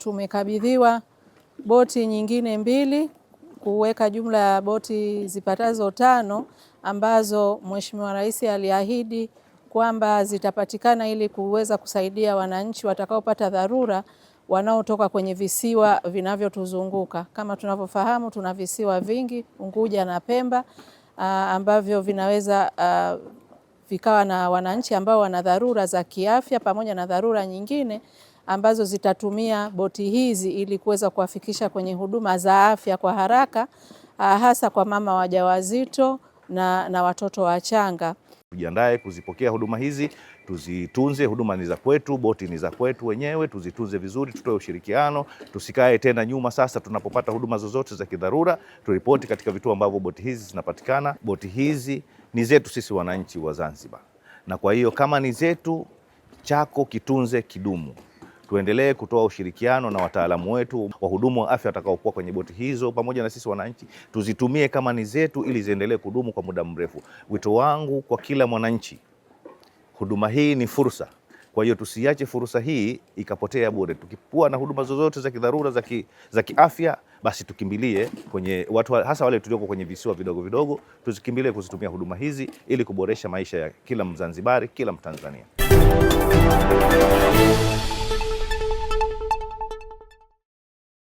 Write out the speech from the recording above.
tumekabidhiwa boti nyingine mbili kuweka jumla ya boti zipatazo tano ambazo Mheshimiwa Rais aliahidi kwamba zitapatikana ili kuweza kusaidia wananchi watakaopata dharura wanaotoka kwenye visiwa vinavyotuzunguka. Kama tunavyofahamu, tuna visiwa vingi Unguja na Pemba ah, ambavyo vinaweza aa, ah, vikawa na wananchi ambao wana dharura za kiafya pamoja na dharura nyingine ambazo zitatumia boti hizi ili kuweza kuwafikisha kwenye huduma za afya kwa haraka, ah, hasa kwa mama wajawazito na, na watoto wachanga. Tujiandae kuzipokea huduma hizi, tuzitunze. Huduma ni za kwetu, boti ni za kwetu wenyewe, tuzitunze vizuri, tutoe ushirikiano, tusikae tena nyuma. Sasa tunapopata huduma zozote za kidharura, turipoti katika vituo ambavyo boti hizi zinapatikana. Boti hizi ni zetu sisi wananchi wa Zanzibar, na kwa hiyo kama ni zetu, chako kitunze, kidumu tuendelee kutoa ushirikiano na wataalamu wetu, wahudumu wa afya watakaokuwa kwenye boti hizo, pamoja na sisi wananchi, tuzitumie kama ni zetu, ili ziendelee kudumu kwa muda mrefu. Wito wangu kwa kila mwananchi, huduma hii ni fursa. Kwa hiyo tusiache fursa hii ikapotea bure. Tukipua na huduma zozote za kidharura za kiafya, basi tukimbilie kwenye watu, hasa wale tulioko kwenye visiwa vidogo vidogo, tuzikimbilie kuzitumia huduma hizi ili kuboresha maisha ya kila Mzanzibari, kila Mtanzania.